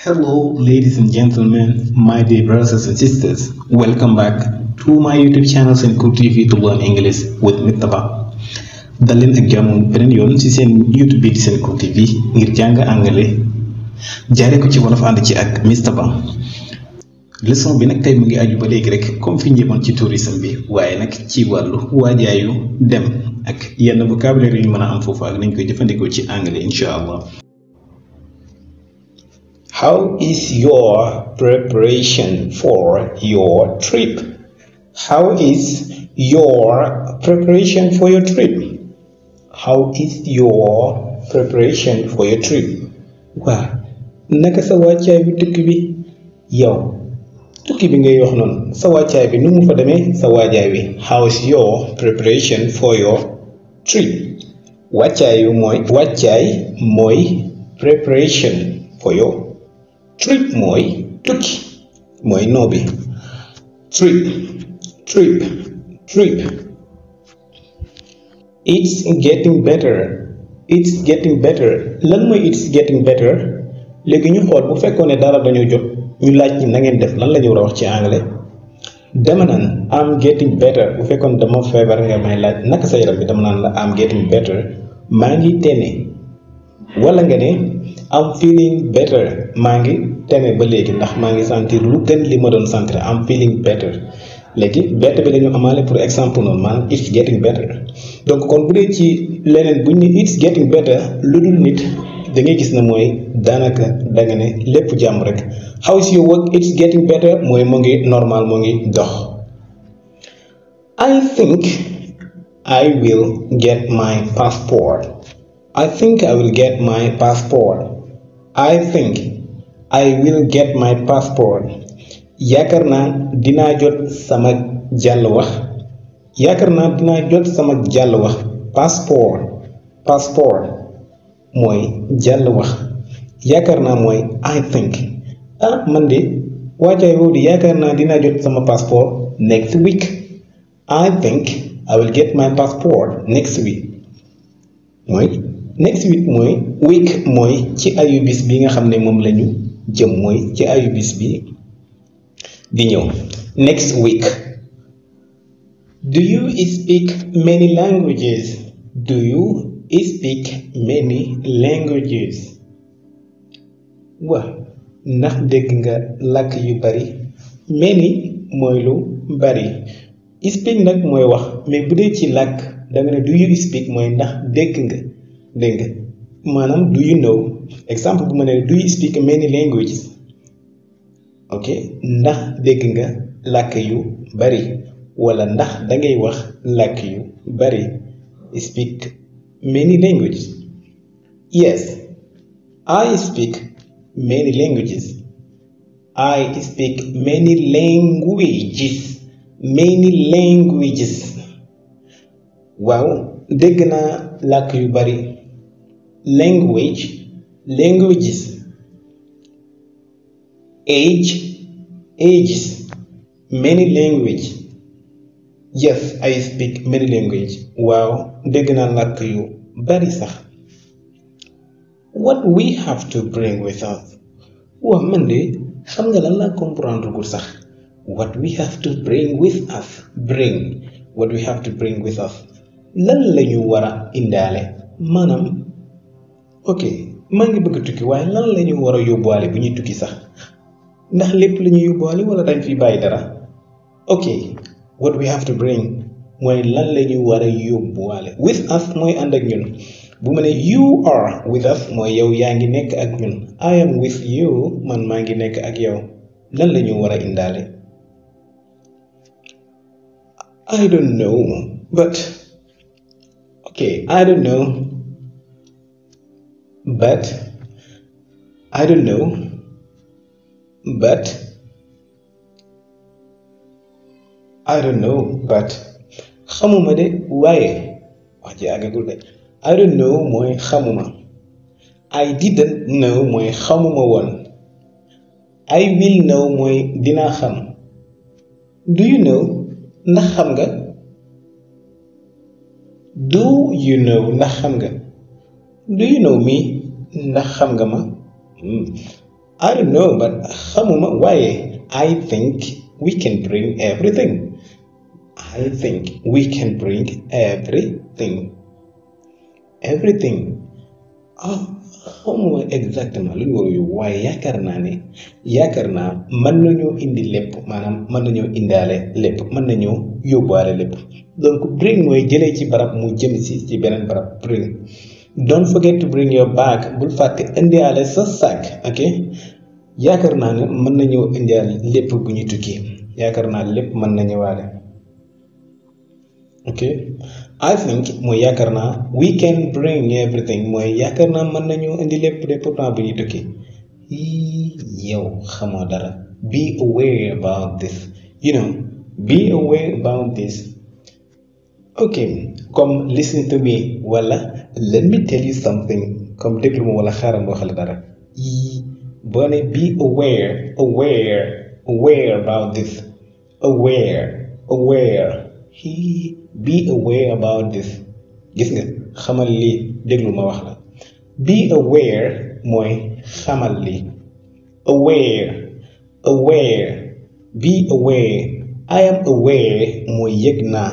Hello, ladies and gentlemen, my dear brothers and sisters. Welcome back to my YouTube channel Sencours TV to learn English with Mustafa. dal leen ak jàmm beneen yoon ci seen YouTube bi di Sencours TV ngir jàng anglais jaare ko ci wolof ànd ci ak Mustafa. leçon bi nag tey mu ngi aju ba léegi rek comme fi njëmoon ci tourisme bi waaye nag ci wàllu waajaayu dem ak yenn vocabulaire yu ñu mën a am foofu ak nañ koy jëfandikoo ci anglais incha allah. How is your preparation for your trip? How is your preparation for your trip? How is your preparation for your trip? waa naka sa wàccaay bi tukki bi yow tukki bi ngay wax noonu sa wàccaay bi nu mu fa demee sa waajaay bi how is your preparation for your trip wàccaay bi mooy wàccaay mooy preparation for your trip mooy tukki mooy noo bi trip trip trip it's getting better it's getting better lan mooy it's getting better léegi ñu xool bu fekkoon ne dara dañoo jot ñu laaj ñi na ngeen def lan la ñu war a wax ci anglais dama naan am getting better bu fekkoon dama feebar nga may laaj naka sa yaram bi dama naan la am getting better maa ngi tene wala nga ne am feeling better maa ngi teme ba léegi ndax maa ngi sentir lu gën li ma doon sentir am feeling better léegi better bi la ñu amaale pour exemple noonu maanaam it's getting better donc kon bu dee ci leneen bu ñu ne it's getting better lu dul nit da gis ne mooy daanaka da nga ne lépp jàmm rek how's your work it's getting better mooy mu ngi normal mu ngi dox I think I will get my passport. I think I will get my passport. I think I will get my passport. yaakaar naa dinaa jot sama jàll wax yaakaar naa dinaa jot sama jàll wax passport passport mooy jàll wax yaakaar naa mooy I think ah man de waajaay boobu di yaakaar naa dinaa jot sama passport next week I think I will get my passport next week mooy. next week mooy week mooy ci ayu bis bi nga xam ne moom lañu jëm mooy ci ayu bis bi di ñëw next week do you speak many languages do ndax dégg nga làkk yu bari many mooy lu bari speak nag mooy wax mais bu dee ci làkk da nga ne do you speak mooy ndax dégg nga dégg nga maanaam do you know exemple bu ma nee do you speak many languages ok ndax dégg nga làkk yu bari wala ndax dangay wax làkk yu bari speak many languages yes I speak many languages I speak many languages many languages waaw dégg naa làkk yu bari language, languages, age, ages, many language. Yes, I speak many language. waaw dégg naa lakk yu bari sax. what we have to bring with us. waaw man de xam nga lan laa comprendre gul sax. what we have to bring with us. bring what we have to bring with us. lan la ñu war a indaale maanaam. ok maa ngi bëgg a tukki waaye lan la ñu war a yóbbuwaale bu ñuy tukki sax ndax lépp la ñuy yóbbuwaale dañ fi bàyyi dara ok what we have to bring mooy lan la ñu war a yóbbuwaale with us mooy ànd ak ñun bu ma ne you are with us mooy yow yaa ngi nekk ak ñun I am with you man maa ngi nekk ak yow lan la ñu war a indaale I don't know but ok I don't know. but I don't know, but I don't know, xamuma de waaye wax ji àggagul de I don't know mooy xamuma I didn't know mooy xamuma woon ay will know mooy dinaa xam do you know ndax xam nga do you know ndax xam nga. do you know me ndax xam nga ma hmm. I don't know but xamuma waaye I think we can bring everything I think we can ah, yaakaar naa ne yaakaar naa mën nañoo indi lépp maanaam mën nañoo indaale lépp mën nañoo yóbbaale lépp donc bring mooy jëlee ci barab mu jëm si ci beneen barab bring don't forget to bring your bag bul fàtte indiaale sa sac ok yaakaar naa ne mën na ñëw indiaale lépp bu ñu tukki yaakaar naa lépp mën na ñëwaale ok I think mooy yaakaar naa we can bring everything mooy yaakaar naa mën nañu indi lépp de pourtant bu ñu tukki yow xamoo dara be aware about this you know be aware about this ok comme listen to me wala let me tell you something comme déglu ma wala xaaral ma wax la dara yii boo ne be aware aware aware about this aware aware he be aware about this gis nga xamal lii déglu ma wax la be aware mooy xamal lii aware aware be aware I am aware mooy yëg naa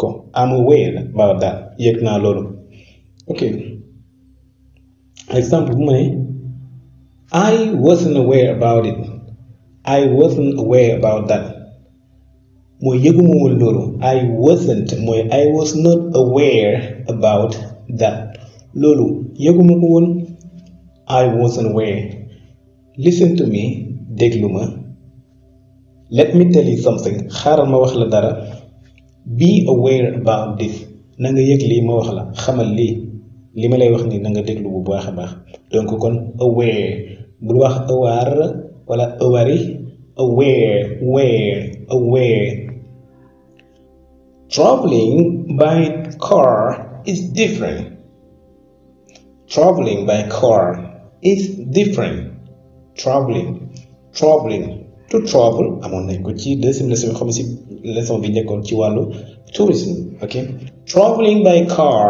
cool I'm aware about that yëg naa loolu ok exemple bu ma ne I wasn't aware about it I wasn't aware about that mooy yëguma woon loolu I wasn't mooy I was not aware about that loolu yëguma ko woon I wasn't aware listen to me déglu ma let me tell you something xaaral ma wax la dara be aware about this na yëg lii ma wax la xamal lii li ma lay wax nii nanga nga déglu bu baax a baax donc kon aware bul wax aware wala awari aware aware traveling by car is different traveling by car is different traveling tout trouble amoon nañ ko ci deuxième leçon bi xam si leçon bi nekkoon ci wàllu tourisme ok traveling by car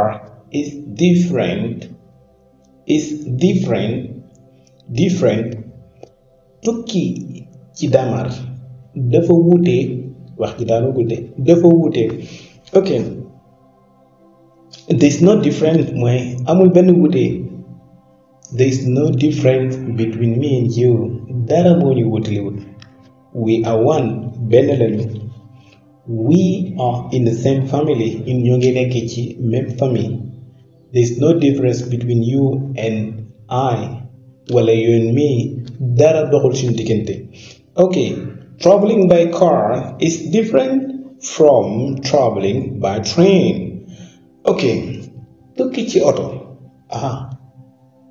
is different is different tukki ci damar dafa wuute wax ji daal guddee dafa wuute ok there is no difference mooy amul benn wuute there is no difference between me and you dara moo ñu wuutaliwut we are one benn lañu we are in the same family ñun ñoo ngi nekk ci même famille there is no difference between you and I wala you and me dara doxul suñu diggante ok traveling by car is different from traveling by train ok tukki ci oto ah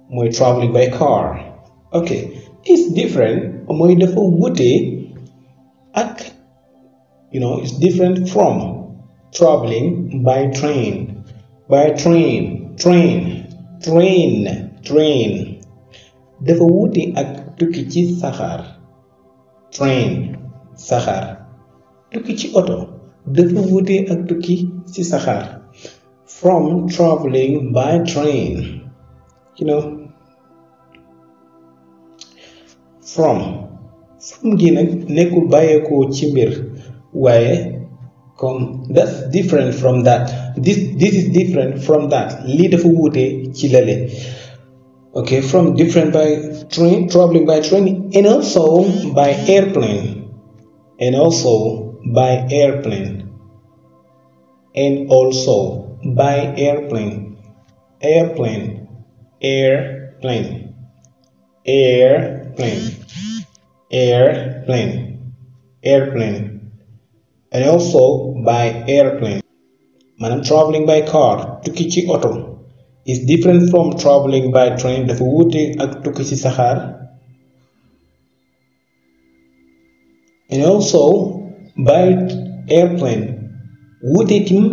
mooy traveling by car ok is different mooy dafa wute ak you know it's different from traveling by train by train train train train dafa wuute ak tukki ci saxaar train saxaar tukki ci oto dafa wuute ak tukki ci saxaar from traveling by train you know from sam gi nag nekkul bàyyeekoo ci mbir waaye comme that's different from that this is different from that lii dafa wuute ci lale ok from different by train traveling by train and airplane airplane airplane airplane airplane airplane airplane airplane and also by airplane car tukki ci oto is different from traveling by train dafa wuute ak tukki ci saxaar and also by airplane wuute tim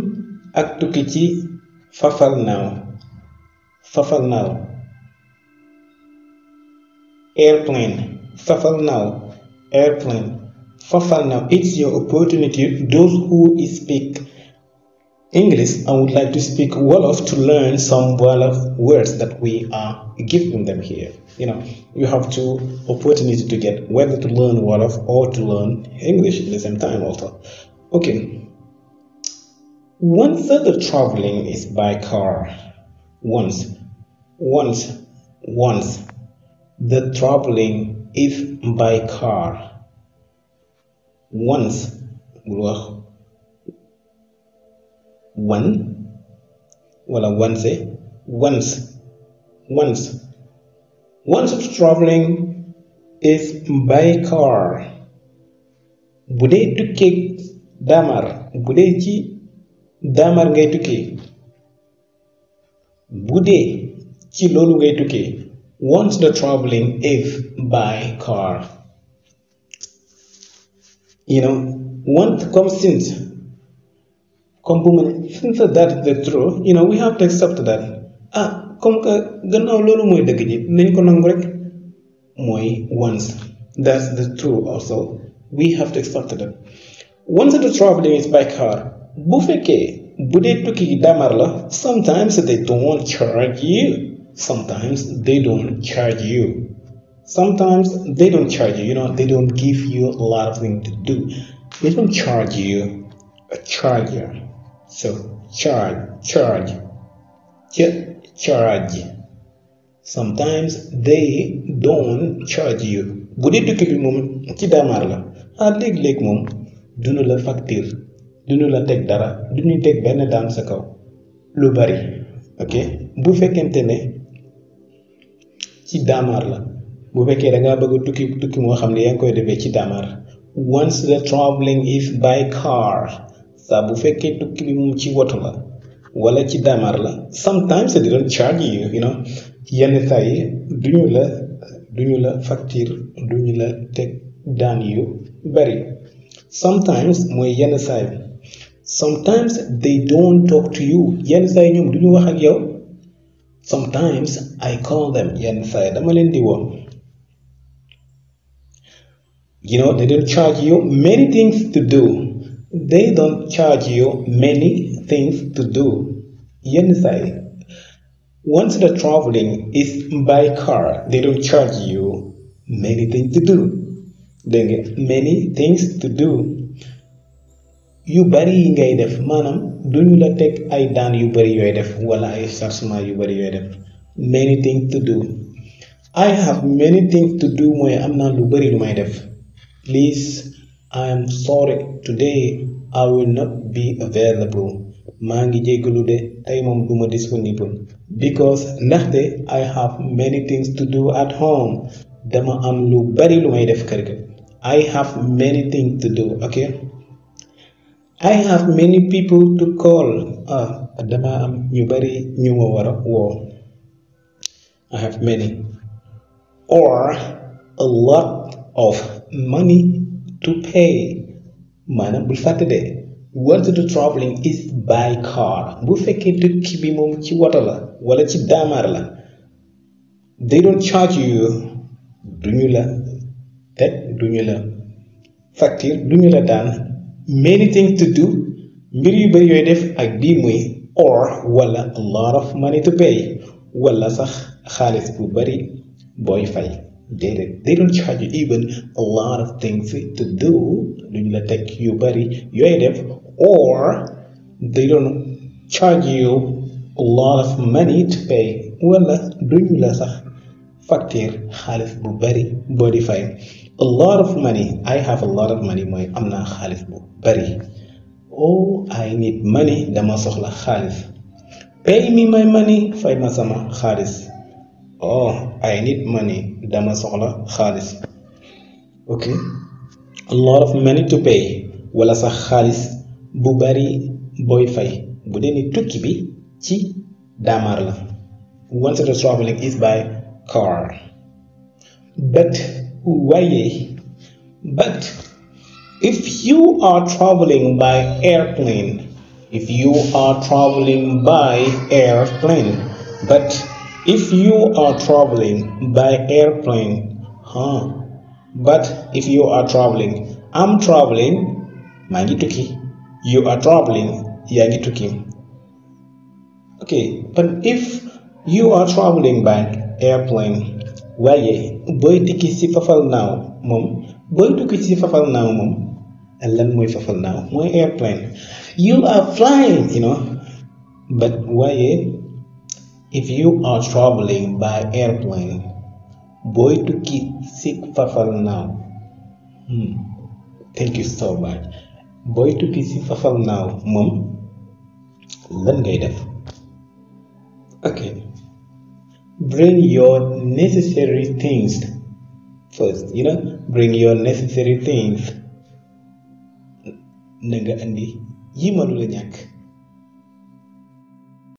ak tukki ci fafalnaaw airplane Fafalnao, airplane. Fafalnao, it's your opportunity. Those who speak English and would like to speak Wolof to learn some Wolof words that we are giving them here. You know, you have two opportunity to get whether to learn Wolof or to learn English at the same time also. Okay. One third of is by car. Once, once, The traveling if by car once bul wax one wala once once once once traveling is by car bu dee tukkee daamar bu dee ci daamar ngay tukkee bu dee ci loolu ngay tukkee What's the traveling if by car? You know, what comes since component since that the true you know we have to accept that ah comme que gannaaw loolu mooy dëgg ji nañ ko nangu rek mooy once that's the true also we have to accept that once the traveling is by car bu fekkee bu dee tukki gi damar la sometimes they don't want you sometimes they don't charge you sometimes they don't charge you you know they don't give you a lot to do they don't charge you a charger so charge charge ch- charge sometimes they don't charge you bu dee tukki bi moom ci daamaar la ah léeg-léeg moom duñu la facture duñu la teg dara duñu teg benn daan sa kaw lu bari ok bu fekkente ne ci daamaar la bu fekkee da ngaa bëgg tukki tukki moo xam ne yaa ngi koy defee ci daamaar once the traveling is by car saa bu fekkee tukki bi moom ci woto la wala ci daamaar la sometimes they don't charge you you yenn saa yi la duñu la facture la teg daan yu bari sometimes mooy yenn saa yi sometimes they don't talk to you yenn saa ñoom duñu wax ak yow. sometimes I call them yenn saa dama leen di woon you know they don't charge you many things to do they don't charge you many things to do yenn saa once the traveling is by car they don't charge you many things to do dégg nga many things to do yu bari yi ngay def maanaam duñu la teg ay daan yu bari yooy def wala ay chargement yu bari yooy def many things to do I have many things to do mooy am naa lu bari lu may def please I am sorry today I will not be available maa ngi jéggalu de tey moom du ma disponible because ndaxte I have many things to do at home dama am lu bari lu may def kër ga I have many things to do ok I have many people to call ah dama am ñu bari ñu ma war a woo I have many or a lot of money to pay maanaam bul fàtte de whether the traveling is by car bu fekkee tukki bi moom ci woto la wala ci daamaar la they don't charge you duñu la duñu la facture duñu la daan many things to do mbir yu bari yooy def ak bii muy or walla a lot of money to pay wala sax xaalis bu bari booy fay déedéet they don't charge you even a lot of things to do duñ la teg yu bari yooy def or they don't charge you lot of money to pay wala duñ la sax facture xaalis bu bari boo di fay a lot of money I have a lot of money mooy am naa xaalis bu bari oh I need money dama soxla xaalis pay me my money fay ma sama xaalis oh I need money dama soxla xaalis ok a lot of money to pay wala sax xaalis bu bari booy fay bu dee ni tukki bi ci daamaar la once the traveling is by car but why but if you are traveling by airplane if you are traveling by airplane but if you are traveling by airplane huh but if you are traveling I'm traveling maa ngi tukki you are traveling yaa ngi tukki okay but if you are traveling by airplane waaye booy tukki si fafalnaaw moom booy tukki si fafalnaaw moom lan mooy fafalnaaw mooy airplane you are flying you know but waaye if you are traveling by airplane booy tukki si fafalnaaw hmm. booy tukki si fafalnaaw moom lan ngay def bring your necessary things first you know bring your necessary things na nga andi yi mënula ñàkk